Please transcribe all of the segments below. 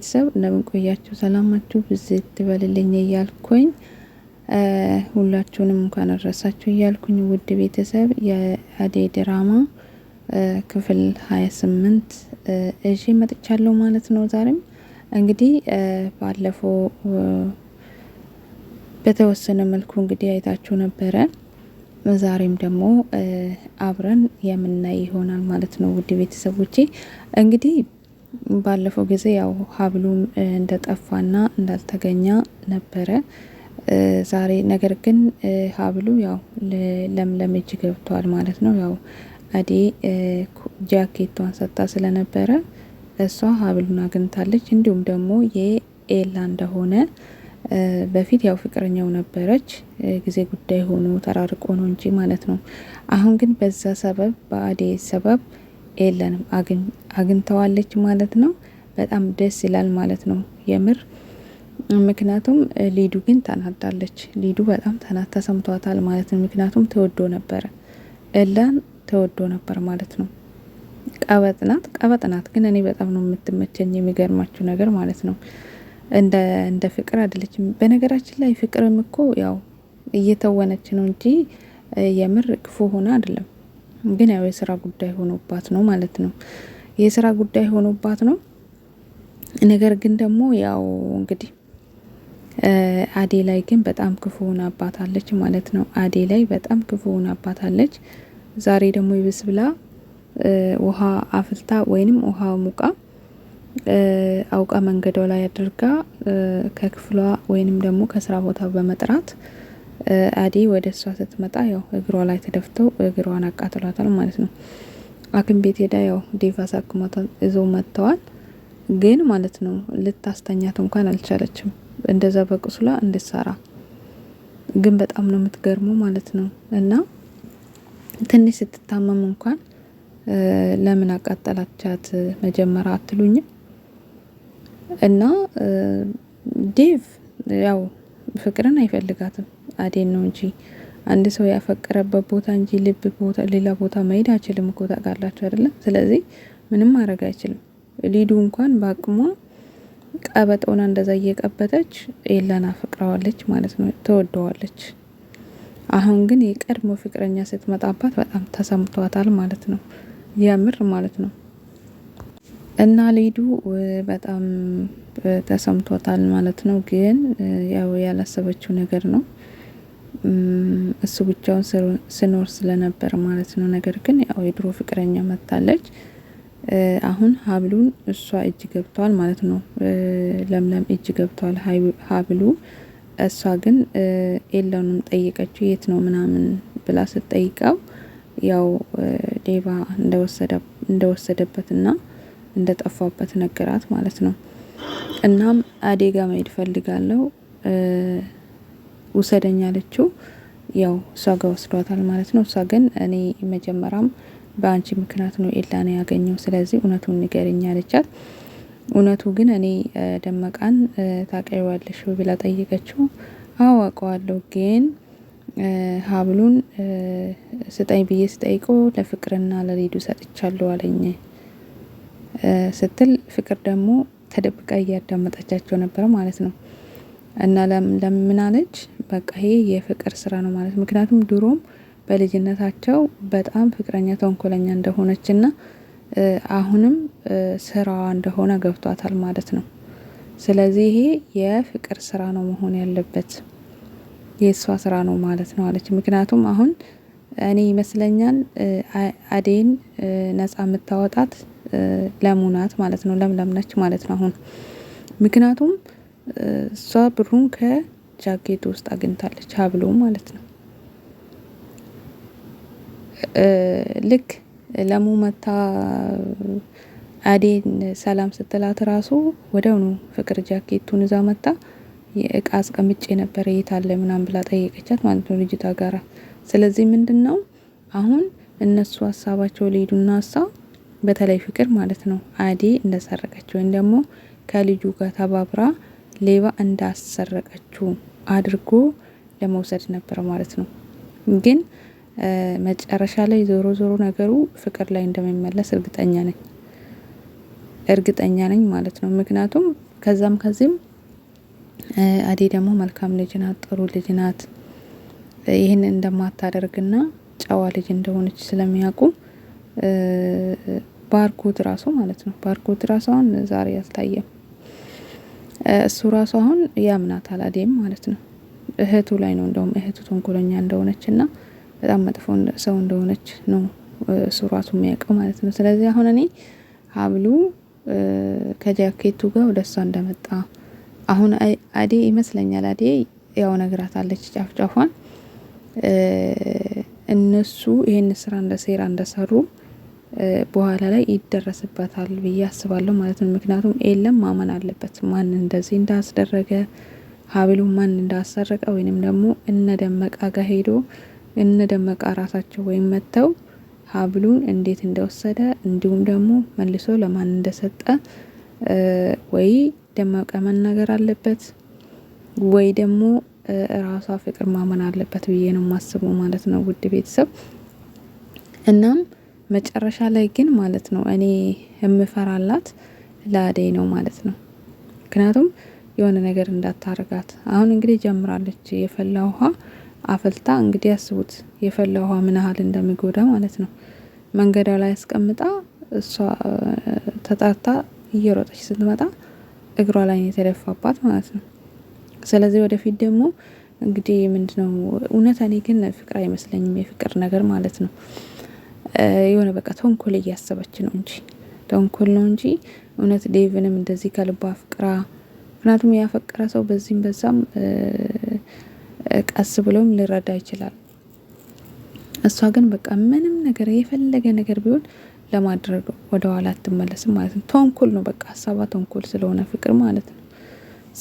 ቤተሰብ እንደምን ቆያችሁ? ሰላማችሁ ብዝት ትበልልኝ እያልኩኝ ሁላችሁንም እንኳን አድረሳችሁ እያልኩኝ ውድ ቤተሰብ የአደይ ድራማ ክፍል ሀያ ስምንት እሺ መጥቻለሁ ማለት ነው። ዛሬም እንግዲህ ባለፈው በተወሰነ መልኩ እንግዲህ አይታችሁ ነበረ። ዛሬም ደግሞ አብረን የምናይ ይሆናል ማለት ነው ውድ ቤተሰቦቼ እንግዲህ ባለፈው ጊዜ ያው ሀብሉም እንደጠፋና እንዳልተገኛ ነበረ። ዛሬ ነገር ግን ሀብሉ ያው ለምለም እጅ ገብቷል ማለት ነው። ያው አዴ ጃኬቷን ሰጥታ ስለነበረ እሷ ሀብሉን አግኝታለች። እንዲሁም ደግሞ የኤላ እንደሆነ በፊት ያው ፍቅረኛው ነበረች። ጊዜ ጉዳይ ሆኖ ተራርቆ ነው እንጂ ማለት ነው። አሁን ግን በዛ ሰበብ በአዴ ሰበብ የለንም አግኝተዋለች ማለት ነው። በጣም ደስ ይላል ማለት ነው የምር ምክንያቱም ሊዱ ግን ተናዳለች። ሊዱ በጣም ተናዳ ተሰምቷታል ማለት ነው። ምክንያቱም ተወዶ ነበረ እላን ተወዶ ነበር ማለት ነው። ቀበጥናት ቀበጥናት ግን እኔ በጣም ነው የምትመቸኝ። የሚገርማችሁ ነገር ማለት ነው እንደ እንደ ፍቅር አይደለችም። በነገራችን ላይ ፍቅርም እኮ ያው እየተወነች ነው እንጂ የምር ክፉ ሆና አይደለም። ግን ያው የስራ ጉዳይ ሆኖባት ነው ማለት ነው። የስራ ጉዳይ ሆኖባት ነው። ነገር ግን ደግሞ ያው እንግዲህ አዴ ላይ ግን በጣም ክፉ ሆናባታለች ማለት ነው። አዴ ላይ በጣም ክፉ ሆናባታለች። ዛሬ ደግሞ ይብስ ብላ ውሃ አፍልታ ወይንም ውሃ ሙቃ አውቃ መንገዷ ላይ አድርጋ ከክፍሏ ወይንም ደግሞ ከስራ ቦታ በመጥራት አዴ ወደ እሷ ስትመጣ ያው እግሯ ላይ ተደፍተው እግሯን አቃጥሏታል ማለት ነው። ሐኪም ቤት ሄዳ ያው ዴቭ አሳክሟታል እዞ መጥተዋል። ግን ማለት ነው ልታስተኛት እንኳን አልቻለችም። እንደዛ በቁስላ እንድትሰራ ግን በጣም ነው የምትገርመው ማለት ነው። እና ትንሽ ስትታመም እንኳን ለምን አቃጠላቻት መጀመሪያ አትሉኝም? እና ዴቭ ያው ፍቅርን አይፈልጋትም በፈቃዴን ነው እንጂ አንድ ሰው ያፈቀረበት ቦታ እንጂ ልብ ቦታ ሌላ ቦታ መሄድ አይችልም እኮ ታውቃላችሁ አይደለም። ስለዚህ ምንም ማድረግ አይችልም። ሊዱ እንኳን በአቅሟ ቀበጠውና እንደዛ እየቀበተች ኤላን አፈቅረዋለች ማለት ነው፣ ተወደዋለች። አሁን ግን የቀድሞ ፍቅረኛ ስትመጣባት በጣም ተሰምቷታል ማለት ነው፣ የምር ማለት ነው። እና ሊዱ በጣም ተሰምቷታል ማለት ነው። ግን ያው ያላሰበችው ነገር ነው። እሱ ብቻውን ስኖር ስለነበር ማለት ነው። ነገር ግን ያው የድሮ ፍቅረኛ መታለች። አሁን ሀብሉን እሷ እጅ ገብቷል ማለት ነው። ለምለም እጅ ገብቷል ሀብሉ። እሷ ግን ኤላውንም ጠየቀችው የት ነው ምናምን ብላ ስትጠይቀው ያው ሌባ እንደወሰደበትና እንደጠፋበት ነገራት ማለት ነው። እናም አዴጋ መሄድ ፈልጋለሁ ውሰደኝ አለችው። ያው እሷ ጋር ወስዷታል ማለት ነው። እሷ ግን እኔ መጀመሪያም በአንቺ ምክንያት ነው ኤላን ያገኘው፣ ስለዚህ እውነቱን ንገርኝ አለቻት። እውነቱ ግን እኔ ደመቃን ታቀዋለሽ ብላ ጠየቀችው። አዋቀዋለሁ ግን ሀብሉን ስጠኝ ብዬ ስጠይቆ ለፍቅርና ለሌዱ ሰጥቻለሁ አለኝ ስትል ፍቅር ደግሞ ተደብቃ እያዳመጠቻቸው ነበር ማለት ነው። እና ለምናለች በቃ ይሄ የፍቅር ስራ ነው ማለት ምክንያቱም ድሮም በልጅነታቸው በጣም ፍቅረኛ ተንኮለኛ እና አሁንም ስራዋ እንደሆነ ገብቷታል ማለት ነው። ስለዚህ ይሄ የፍቅር ስራ ነው መሆን ያለበት የእሷ ስራ ነው ማለት ነው አለች። ምክንያቱም አሁን እኔ ይመስለኛል አዴን ነጻ የምታወጣት ለሙናት ማለት ነው ለምለምነች ማለት ነው። አሁን ምክንያቱም እሷ ብሩን ከጃኬት ውስጥ አግኝታለች፣ ሀብሎ ማለት ነው። ልክ ለሙ መታ አዴን ሰላም ስትላት ራሱ ወዲያውኑ ፍቅር ጃኬቱን እዛ መታ የእቃ አስቀምጬ ነበረ የታለ ምናምን ብላ ጠየቀቻት ማለት ነው ልጅቷ ጋራ። ስለዚህ ምንድን ነው አሁን እነሱ ሀሳባቸው ሊሄዱና እሷ በተለይ ፍቅር ማለት ነው አዴ እንደሰረቀች ወይም ደግሞ ከልጁ ጋር ተባብራ ሌባ እንዳሰረቀችው አድርጎ ለመውሰድ ነበር ማለት ነው። ግን መጨረሻ ላይ ዞሮ ዞሮ ነገሩ ፍቅር ላይ እንደሚመለስ እርግጠኛ ነኝ እርግጠኛ ነኝ ማለት ነው። ምክንያቱም ከዛም ከዚህም አዴ ደግሞ መልካም ልጅ ናት፣ ጥሩ ልጅ ናት። ይህን እንደማታደርግና ጨዋ ልጅ እንደሆነች ስለሚያውቁ ባርኮት ራሱ ማለት ነው ባርኮት ራሷን ዛሬ አልታየም። እሱ ራሱ አሁን ያምናታል አላዴም ማለት ነው። እህቱ ላይ ነው እንደውም እህቱ ተንኮለኛ እንደሆነች እና በጣም መጥፎ ሰው እንደሆነች ነው እሱ ራሱ የሚያውቀው ማለት ነው። ስለዚህ አሁን እኔ ሀብሉ ከጃኬቱ ጋር ወደ እሷ እንደመጣ አሁን አዴ ይመስለኛል አዴ ያው ነግራታለች ጫፍ ጫፏን እነሱ ይሄን ስራ እንደ ሴራ እንደሰሩ በኋላ ላይ ይደረስበታል ብዬ አስባለሁ ማለት ነው። ምክንያቱም ኤለም ማመን አለበት ማን እንደዚህ እንዳስደረገ ሀብሉ ማን እንዳሰረቀ ወይንም ደግሞ እነ ደመቃ ጋር ሄዶ እነ ደመቃ ራሳቸው ወይም መጥተው ሀብሉን እንዴት እንደወሰደ እንዲሁም ደግሞ መልሶ ለማን እንደሰጠ ወይ ደመቀ መናገር አለበት ወይ ደግሞ ራሷ ፍቅር ማመን አለበት ብዬ ነው የማስበው ማለት ነው። ውድ ቤተሰብ እናም መጨረሻ ላይ ግን ማለት ነው እኔ የምፈራላት ለአደይ ነው ማለት ነው። ምክንያቱም የሆነ ነገር እንዳታርጋት አሁን እንግዲህ ጀምራለች። የፈላ ውሃ አፈልታ እንግዲህ ያስቡት የፈላ ውሃ ምን ያህል እንደሚጎዳ ማለት ነው። መንገዷ ላይ አስቀምጣ እሷ ተጠርታ እየሮጠች ስትመጣ እግሯ ላይ የተደፋባት ማለት ነው። ስለዚህ ወደፊት ደግሞ እንግዲህ ምንድነው እውነት እኔ ግን ፍቅር አይመስለኝም የፍቅር ነገር ማለት ነው። የሆነ በቃ ተንኮል እያሰበች ነው እንጂ ተንኮል ነው እንጂ እውነት ዴቭንም እንደዚህ ከልቧ አፍቅራ ምክንያቱም ያፈቀረ ሰው በዚህም በዛም ቀስ ብሎም ሊረዳ ይችላል። እሷ ግን በቃ ምንም ነገር የፈለገ ነገር ቢሆን ለማድረግ ወደ ኋላ አትመለስም ማለት ነው። ተንኮል ነው በቃ ሀሳቧ ተንኮል ስለሆነ ፍቅር ማለት ነው።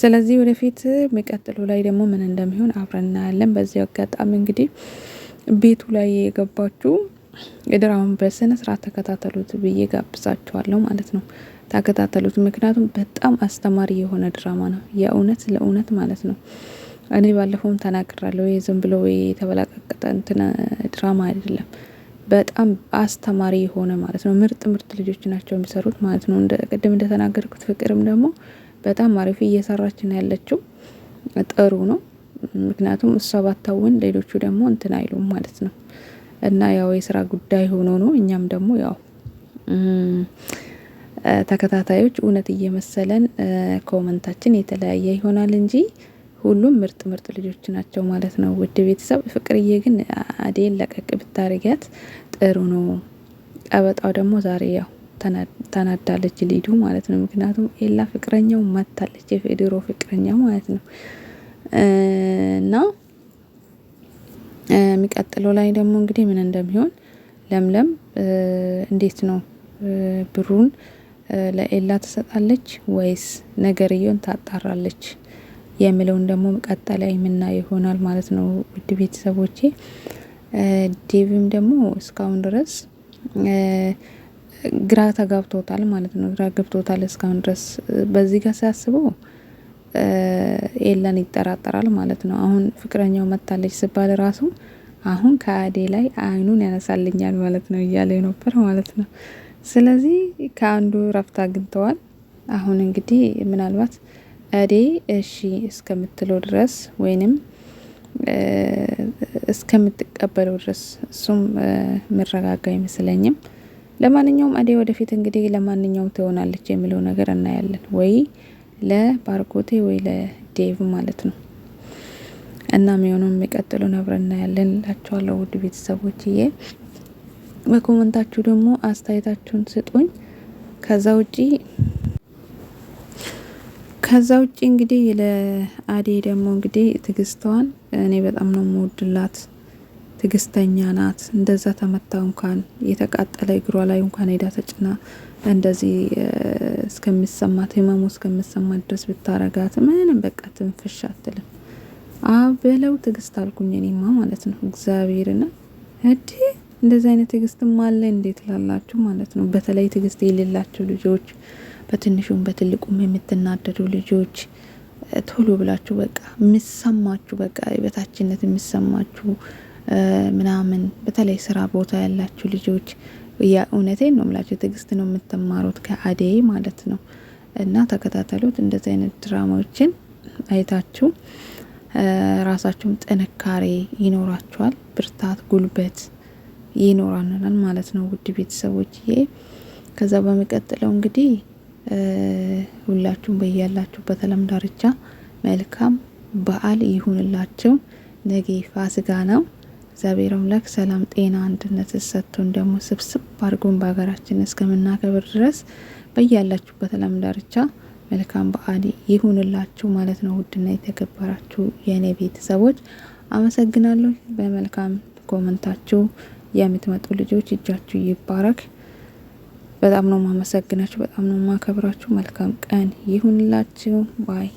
ስለዚህ ወደፊት የሚቀጥሉ ላይ ደግሞ ምን እንደሚሆን አብረን እናያለን። በዚህ አጋጣሚ እንግዲህ ቤቱ ላይ የገባችሁ የድራውን በስነ ስርዓት ተከታተሉት ብዬ ጋብዛችኋለሁ ማለት ነው። ተከታተሉት፣ ምክንያቱም በጣም አስተማሪ የሆነ ድራማ ነው። የእውነት ለእውነት ማለት ነው። እኔ ባለፈውም ተናግራለሁ። ዝም ብሎ የተበላቀቀጠ እንትን ድራማ አይደለም። በጣም አስተማሪ የሆነ ማለት ነው። ምርጥ ምርጥ ልጆች ናቸው የሚሰሩት ማለት ነው። ቅድም እንደተናገርኩት ፍቅርም ደግሞ በጣም አሪፍ እየሰራች ነው ያለችው። ጥሩ ነው። ምክንያቱም እሷ ባታውን ሌሎቹ ደግሞ እንትን አይሉም ማለት ነው። እና ያው የስራ ጉዳይ ሆኖ ነው። እኛም ደግሞ ያው ተከታታዮች እውነት እየመሰለን ኮመንታችን የተለያየ ይሆናል እንጂ ሁሉም ምርጥ ምርጥ ልጆች ናቸው ማለት ነው። ውድ ቤተሰብ ፍቅርዬ ግን አዴን ለቀቅ ብታረጊያት ጥሩ ነው። ቀበጣው ደግሞ ዛሬ ያው ተናዳለች ሊዱ ማለት ነው። ምክንያቱም ኤላ ፍቅረኛው መታለች የፌዴሮ ፍቅረኛው ማለት ነው እና የሚቀጥለው ላይ ደግሞ እንግዲህ ምን እንደሚሆን ለምለም እንዴት ነው ብሩን ለኤላ ትሰጣለች ወይስ ነገርየውን ታጣራለች የሚለውን ደግሞ ቀጣይ የምናይ ይሆናል ማለት ነው። ውድ ቤተሰቦቼ ዴቪም ደግሞ እስካሁን ድረስ ግራ ተጋብቶታል ማለት ነው። ግራ ገብቶታል እስካሁን ድረስ በዚህ ጋር ሲያስበው ኤላን ይጠራጠራል ማለት ነው። አሁን ፍቅረኛው መታለች ስባል ራሱ አሁን ከአዴ ላይ አይኑን ያነሳልኛል ማለት ነው እያለ ነበር ማለት ነው። ስለዚህ ከአንዱ ረፍት አግኝተዋል። አሁን እንግዲህ ምናልባት አዴ እሺ እስከምትለው ድረስ ወይንም እስከምትቀበለው ድረስ እሱም ምረጋጋ አይመስለኝም። ለማንኛውም አዴ ወደፊት እንግዲህ ለማንኛውም ትሆናለች የሚለው ነገር እናያለን ወይ ለባርኮቴ ወይ ለዴቭ ማለት ነው። እና የሚሆነው የሚቀጥሉ ነብረና ያለን ላችኋለሁ ውድ ቤተሰቦችዬ። በኮመንታችሁ ደግሞ አስተያየታችሁን ስጡኝ። ከዛ ውጪ ከዛ ውጪ እንግዲህ ለአዴ ደግሞ እንግዲህ ትዕግስቷን እኔ በጣም ነው የምወድላት። ትግስተኛ ናት። እንደዛ ተመታ እንኳን የተቃጠለ እግሯ ላይ እንኳን ሄዳ ተጭና እንደዚህ እስከሚሰማት ህመሙ እስከሚሰማት ድረስ ብታረጋት ምንም በቃ ትንፍሽ አትልም። አብለው ትዕግስት አልኩኝ እኔማ ማለት ነው። እግዚአብሔርና እዲ እንደዚህ አይነት ትግስትም አለ እንዴት ላላችሁ ማለት ነው። በተለይ ትግስት የሌላቸው ልጆች፣ በትንሹም በትልቁም የምትናደዱ ልጆች ቶሎ ብላችሁ በቃ የሚሰማችሁ በቃ የበታችነት የሚሰማችሁ ምናምን፣ በተለይ ስራ ቦታ ያላችሁ ልጆች እውነቴን ነው ምላቸው። ትግስት ነው የምትማሩት ከአደይ ማለት ነው። እና ተከታተሉት። እንደዚህ አይነት ድራማዎችን አይታችሁ ራሳችሁም ጥንካሬ ይኖራችኋል፣ ብርታት፣ ጉልበት ይኖራናል ማለት ነው። ውድ ቤተሰቦችዬ ከዛ በሚቀጥለው እንግዲህ ሁላችሁም በያላችሁበት ዓለም ዳርቻ መልካም በዓል ይሁንላችሁ። ነገ ፋሲካ ነው። እግዚአብሔር አምላክ ሰላም፣ ጤና፣ አንድነት ሰጥቶን ደግሞ ስብስብ አድርጎን በሀገራችን እስከምናከብር ድረስ በያላችሁበት ዓለም ዳርቻ መልካም በዓል ይሁንላችሁ ማለት ነው። ውድና የተከበራችሁ የእኔ ቤተሰቦች አመሰግናለሁ። በመልካም ኮመንታችሁ የምትመጡ ልጆች እጃችሁ ይባረክ። በጣም ነው ማመሰግናችሁ፣ በጣም ነው ማከብራችሁ። መልካም ቀን ይሁንላችሁ ባይ